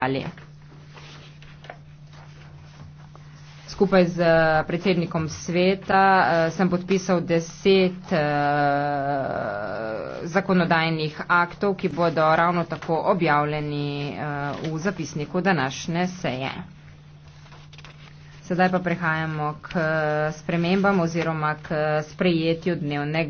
dalje. Skupaj z eh, predsednikom sveta eh, sem podpisal deset eh, zakonodajnih aktov, ki bodo ravno tako objavljeni v zapisniku današnje seje. Sedaj pa prehajamo k spremembam oziroma k sprejetju dnevnega.